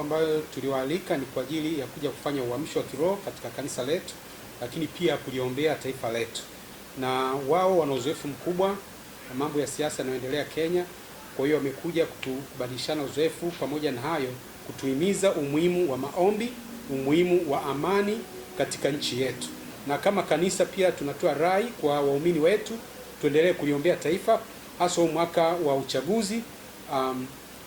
ambayo tuliwaalika ni kwa ajili ya kuja kufanya uhamisho wa kiroho katika kanisa letu, lakini pia kuliombea taifa letu, na wao wana uzoefu mkubwa na mambo ya siasa yanayoendelea Kenya. Kwa hiyo wamekuja kutubadilishana uzoefu, pamoja na hayo kutuhimiza umuhimu wa maombi, umuhimu wa amani katika nchi yetu, na kama kanisa pia tunatoa rai kwa waumini wetu tuendelee kuliombea taifa, hasa mwaka wa uchaguzi um,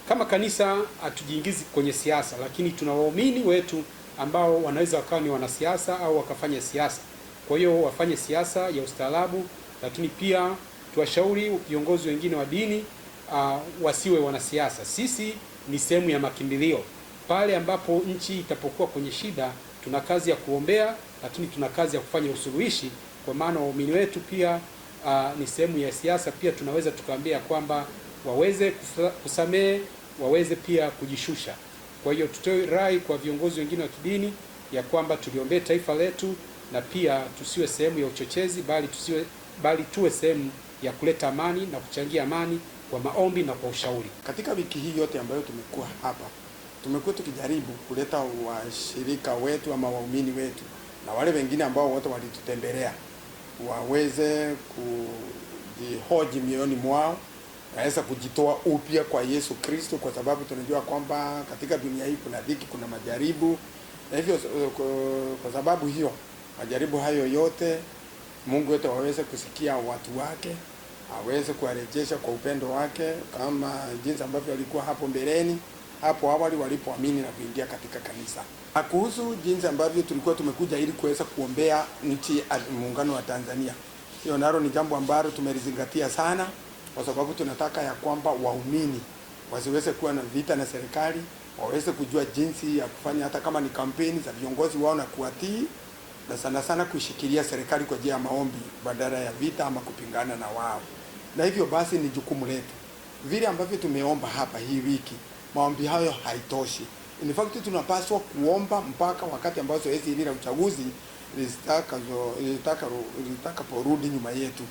kama kanisa hatujiingizi kwenye siasa, lakini tuna waumini wetu ambao wanaweza wakawa ni wanasiasa au wakafanya siasa. Kwa hiyo wafanye siasa ya ustaarabu, lakini pia tuwashauri viongozi wengine wa dini uh, wasiwe wanasiasa. Sisi ni sehemu ya makimbilio. Pale ambapo nchi itapokuwa kwenye shida, tuna kazi ya kuombea, lakini tuna kazi ya kufanya usuluhishi, kwa maana waumini wetu pia uh, ni sehemu ya siasa. Pia tunaweza tukaambia kwamba waweze kusamehe, waweze pia kujishusha. Kwa hiyo tutoe rai kwa viongozi wengine wa kidini ya kwamba tuliombee taifa letu na pia tusiwe sehemu ya uchochezi, bali tusiwe bali tuwe sehemu ya kuleta amani na kuchangia amani kwa maombi na kwa ushauri. Katika wiki hii yote ambayo tumekuwa hapa, tumekuwa tukijaribu kuleta washirika wetu ama waumini wetu na wale wengine ambao wote walitutembelea waweze kujihoji mioyoni mwao naweza kujitoa upya kwa Yesu Kristo, kwa sababu tunajua kwamba katika dunia hii kuna dhiki, kuna majaribu, na hivyo kwa sababu hiyo majaribu hayo yote Mungu wetu waweze kusikia watu wake, aweze kuwarejesha kwa upendo wake, kama jinsi ambavyo alikuwa hapo mbeleni, hapo awali walipoamini na kuingia katika kanisa. Kuhusu jinsi ambavyo tulikuwa tumekuja ili kuweza kuombea nchi, muungano wa Tanzania, hiyo nalo ni jambo ambalo tumelizingatia sana kwa sababu tunataka ya kwamba waumini wasiweze kuwa na vita na serikali, waweze kujua jinsi ya kufanya hata kama ni kampeni za viongozi wao na kuwatii, na sana sana kuishikilia serikali kwa njia ya maombi badala ya vita ama kupingana na wao. Na hivyo basi ni jukumu letu, vile ambavyo tumeomba hapa hii wiki, maombi hayo haitoshi. In fact tunapaswa kuomba mpaka wakati ambao zoezi hili la uchaguzi litakaporudi nyuma yetu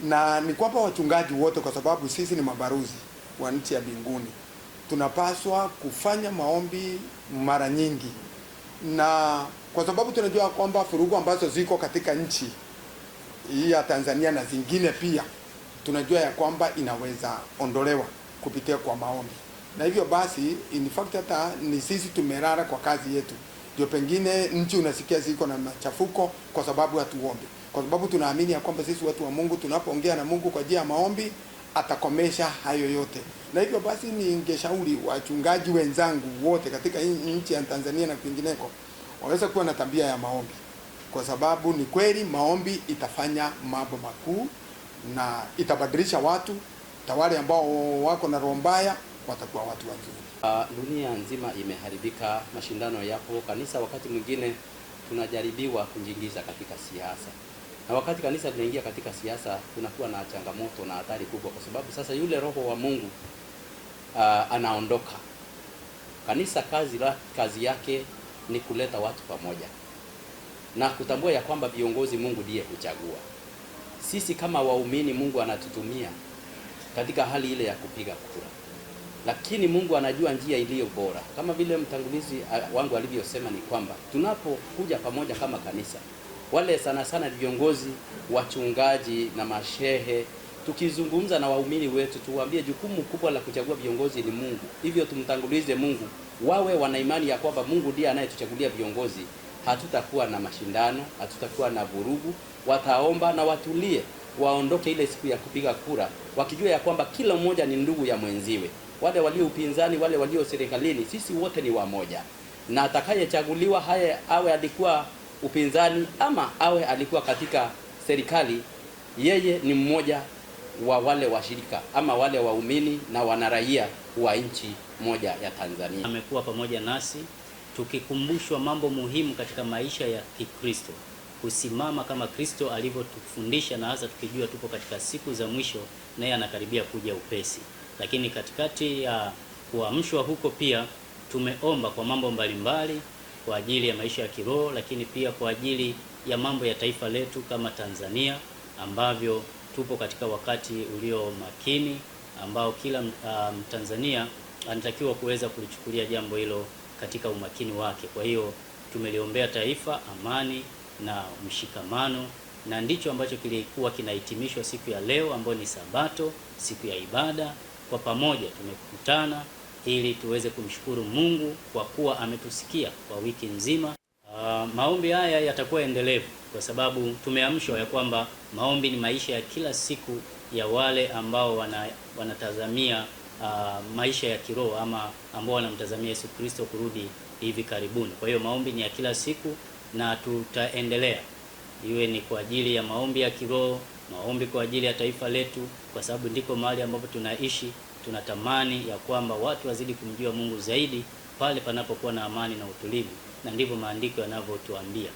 na ni kwamba wachungaji wote, kwa sababu sisi ni mabaruzi wa nchi ya binguni tunapaswa kufanya maombi mara nyingi, na kwa sababu tunajua kwamba furugu ambazo ziko katika nchi hii ya Tanzania na zingine pia tunajua ya kwamba inaweza ondolewa kupitia kwa maombi, na hivyo basi, in fact hata ni sisi tumerara kwa kazi yetu, ndio pengine nchi unasikia ziko na machafuko kwa sababu hatuombi kwa sababu tunaamini ya kwamba sisi watu wa Mungu tunapoongea na Mungu kwa njia ya maombi atakomesha hayo yote. Na hivyo basi, ningeshauri wachungaji wenzangu wote katika nchi ya Tanzania na kwingineko waweze kuwa na tabia ya maombi, kwa sababu ni kweli maombi itafanya mambo makuu na itabadilisha watu tawale wale ambao wako na roho mbaya watakuwa watu wazuri. Uh, ah, dunia nzima imeharibika, mashindano yapo. Kanisa wakati mwingine tunajaribiwa kujiingiza katika siasa. Na wakati kanisa linaingia katika siasa, kunakuwa na changamoto na hatari kubwa, kwa sababu sasa yule roho wa Mungu uh, anaondoka. Kanisa kazi, la, kazi yake ni kuleta watu pamoja na kutambua ya kwamba viongozi Mungu ndiye huchagua. Sisi kama waumini, Mungu anatutumia katika hali ile ya kupiga kura, lakini Mungu anajua njia iliyo bora. Kama vile mtangulizi ah, wangu alivyosema, ni kwamba tunapokuja pamoja kama kanisa wale sana sana viongozi, wachungaji na mashehe tukizungumza na waumini wetu tuwaambie jukumu kubwa la kuchagua viongozi ni Mungu. Hivyo tumtangulize Mungu, wawe wana imani ya kwamba Mungu ndiye anayetuchagulia viongozi. Hatutakuwa na mashindano, hatutakuwa na vurugu. Wataomba na watulie, waondoke ile siku ya kupiga kura wakijua ya kwamba kila mmoja ni ndugu ya mwenziwe, wale walio upinzani, wale walio serikalini, sisi wote ni wamoja, na atakayechaguliwa haya awe alikuwa upinzani ama awe alikuwa katika serikali, yeye ni mmoja wa wale washirika ama wale waumini na wanaraia wa nchi moja ya Tanzania. Amekuwa pamoja nasi tukikumbushwa mambo muhimu katika maisha ya Kikristo, kusimama kama Kristo alivyotufundisha, na hasa tukijua tupo katika siku za mwisho, naye anakaribia kuja upesi. Lakini katikati ya kuamshwa huko, pia tumeomba kwa mambo mbalimbali mbali, kwa ajili ya maisha ya kiroho, lakini pia kwa ajili ya mambo ya taifa letu kama Tanzania ambavyo tupo katika wakati ulio makini ambao kila um, Mtanzania um, anatakiwa kuweza kulichukulia jambo hilo katika umakini wake. Kwa hiyo tumeliombea taifa amani na mshikamano, na ndicho ambacho kilikuwa kinahitimishwa siku ya leo ambayo ni Sabato, siku ya ibada. Kwa pamoja tumekutana ili tuweze kumshukuru Mungu kwa kuwa ametusikia kwa wiki nzima. Uh, maombi haya yatakuwa endelevu kwa sababu tumeamshwa ya kwamba maombi ni maisha ya kila siku ya wale ambao wana, wanatazamia uh, maisha ya kiroho ama ambao wanamtazamia Yesu Kristo kurudi hivi karibuni. Kwa hiyo maombi ni ya kila siku na tutaendelea, iwe ni kwa ajili ya maombi ya kiroho, maombi kwa ajili ya taifa letu, kwa sababu ndiko mahali ambapo tunaishi tunatamani ya kwamba watu wazidi kumjua Mungu zaidi pale panapokuwa na amani na utulivu, na ndivyo maandiko yanavyotuambia.